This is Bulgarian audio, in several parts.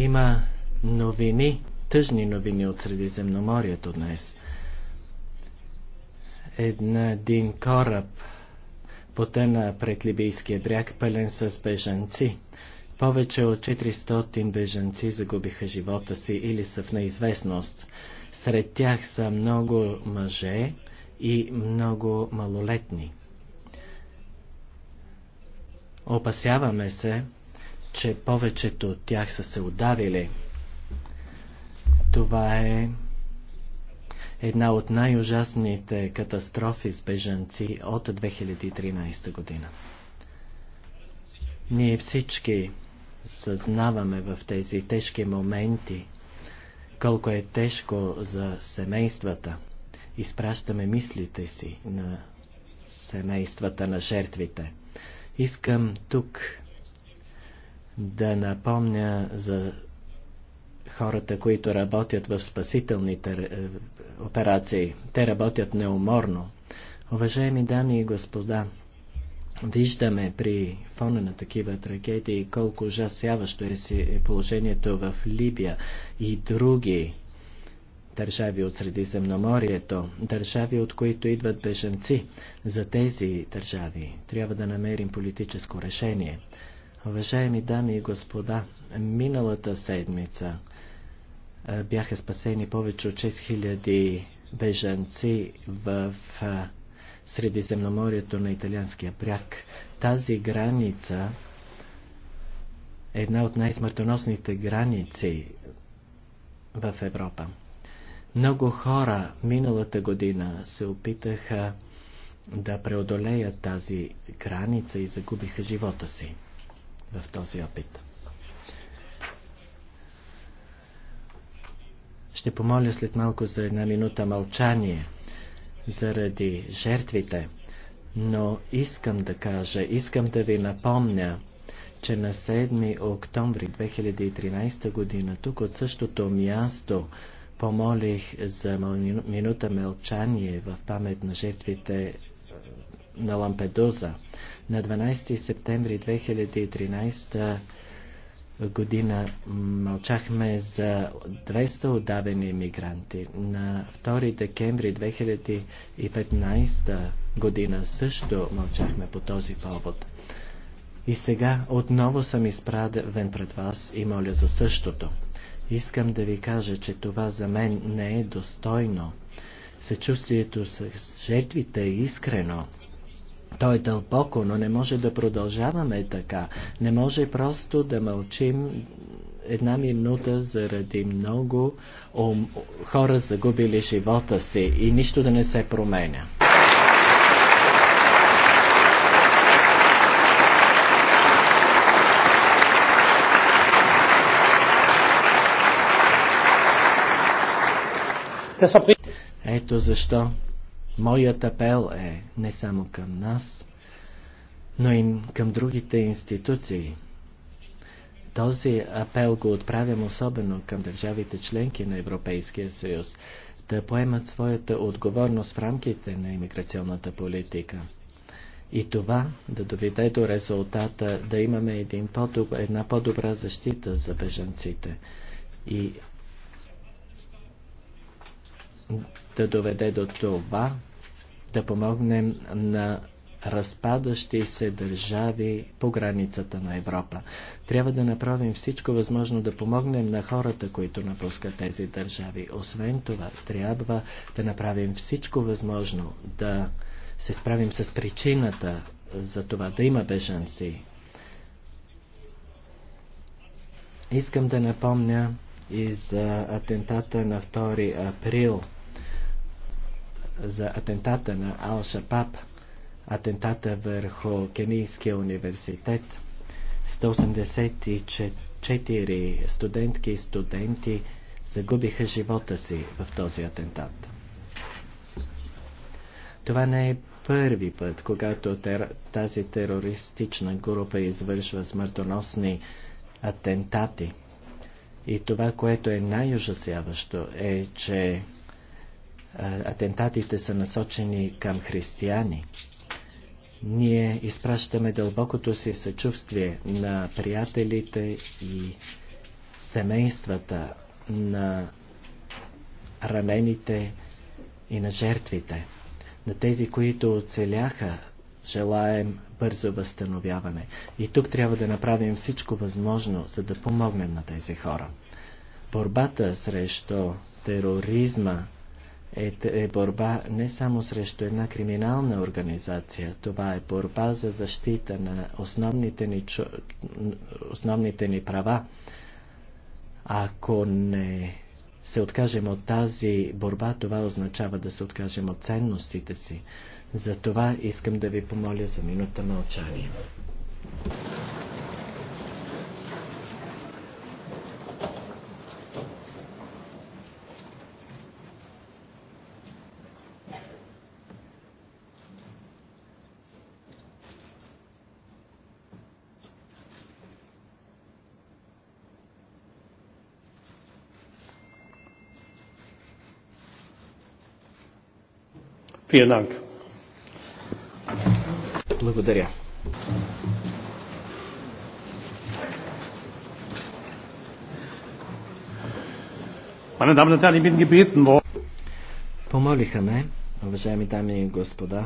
Има новини, тъжни новини от Средиземноморието днес. Една, един кораб потъна пред Либийския бряг, пълен с бежанци. Повече от 400 бежанци загубиха живота си или са в неизвестност. Сред тях са много мъже и много малолетни. Опасяваме се, че повечето от тях са се ударили. Това е една от най-ужасните катастрофи с бежанци от 2013 година. Ние всички съзнаваме в тези тежки моменти колко е тежко за семействата. Изпращаме мислите си на семействата на жертвите. Искам тук да напомня за хората, които работят в спасителните е, операции. Те работят неуморно. Уважаеми дами и господа, виждаме при фона на такива трагедии колко ужасяващо е, е положението в Либия и други държави от Средиземноморието, държави от които идват беженци. За тези държави трябва да намерим политическо решение. Уважаеми дами и господа, миналата седмица бяха спасени повече от 6000 бежанци в Средиземноморието на Италианския бряг. Тази граница е една от най-смъртоносните граници в Европа. Много хора миналата година се опитаха да преодолеят тази граница и загубиха живота си в този опит. Ще помоля след малко за една минута мълчание заради жертвите, но искам да кажа, искам да ви напомня, че на 7 октомври 2013 година тук от същото място помолих за минута мълчание в памет на жертвите на Лампедуза. На 12 септември 2013 година мълчахме за 200 отдавени мигранти. На 2 декември 2015 година също мълчахме по този повод. И сега отново съм изправен пред вас и моля за същото. Искам да ви кажа, че това за мен не е достойно. Съчувствието с жертвите е искрено. То е дълбоко, но не може да продължаваме така. Не може просто да мълчим една минута заради много ум, хора загубили живота си и нищо да не се променя. Ето защо Моят апел е не само към нас, но и към другите институции. Този апел го отправям особено към държавите членки на Европейския съюз да поемат своята отговорност в рамките на иммиграционната политика. И това да доведе до резултата да имаме един по една по-добра защита за бежанците. И да доведе до това да помогнем на разпадащи се държави по границата на Европа. Трябва да направим всичко възможно да помогнем на хората, които напускат тези държави. Освен това, трябва да направим всичко възможно да се справим с причината за това да има бежанци. Искам да напомня и за атентата на 2 април за атентата на ал шапап атентата върху Кенийския университет. 184 студентки и студенти загубиха живота си в този атентат. Това не е първи път, когато тер... тази терористична група извършва смъртоносни атентати. И това, което е най-ужасяващо, е, че атентатите са насочени към християни. Ние изпращаме дълбокото си съчувствие на приятелите и семействата на ранените и на жертвите. На тези, които оцеляха, желаем бързо възстановяване. И тук трябва да направим всичко възможно, за да помогнем на тези хора. Борбата срещу тероризма е, е борба не само срещу една криминална организация, това е борба за защита на основните ни, основните ни права. Ако не се откажем от тази борба, това означава да се откажем от ценностите си. За това искам да ви помоля за минута мълчание. Благодаря. Помолиха ме, уважаеми дами и господа,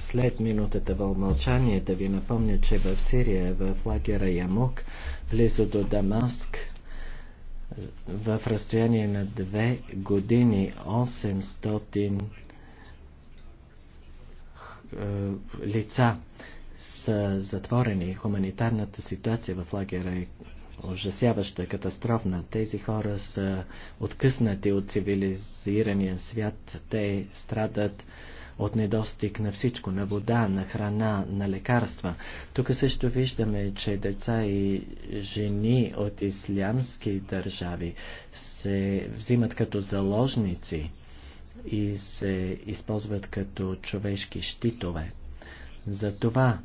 след минутата вълмълчание да ви напомня, че в Сирия, в лагера Ямук, близо до Дамаск, в разстояние на две години 800 е, лица са затворени. Хуманитарната ситуация в лагера е ужасяваща, катастрофна. Тези хора са откъснати от цивилизирания свят. Те страдат от недостиг на всичко, на вода, на храна, на лекарства. Тук също виждаме, че деца и жени от ислямски държави се взимат като заложници и се използват като човешки щитове. Затова,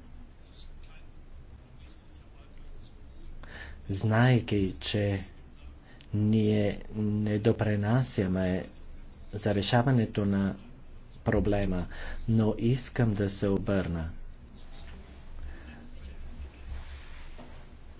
знаеки, че ние не допренасяме за решаването на проблема, но искам да се обърна.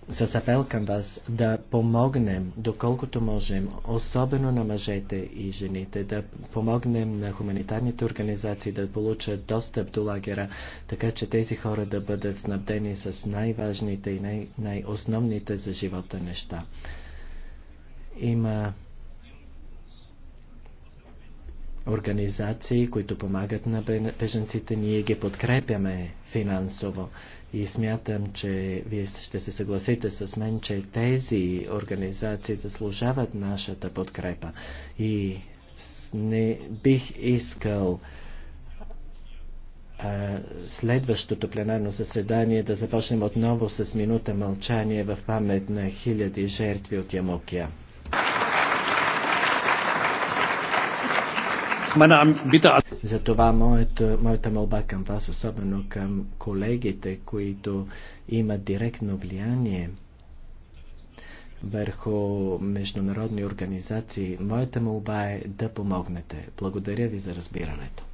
С апел към вас да помогнем, доколкото можем, особено на мъжете и жените, да помогнем на хуманитарните организации да получат достъп до лагера, така че тези хора да бъдат снабдени с най-важните и най- най-основните за живота неща. Има организации, които помагат на беженците. Ние ги подкрепяме финансово. И смятам, че вие ще се съгласите с мен, че тези организации заслужават нашата подкрепа. И не бих искал а, следващото пленарно заседание да започнем отново с минута мълчание в памет на хиляди жертви от Ямокия. Затова моето, моята молба към вас, особено към колегите, които имат директно влияние върху международни организации, моята молба е да помогнете. Благодаря ви за разбирането.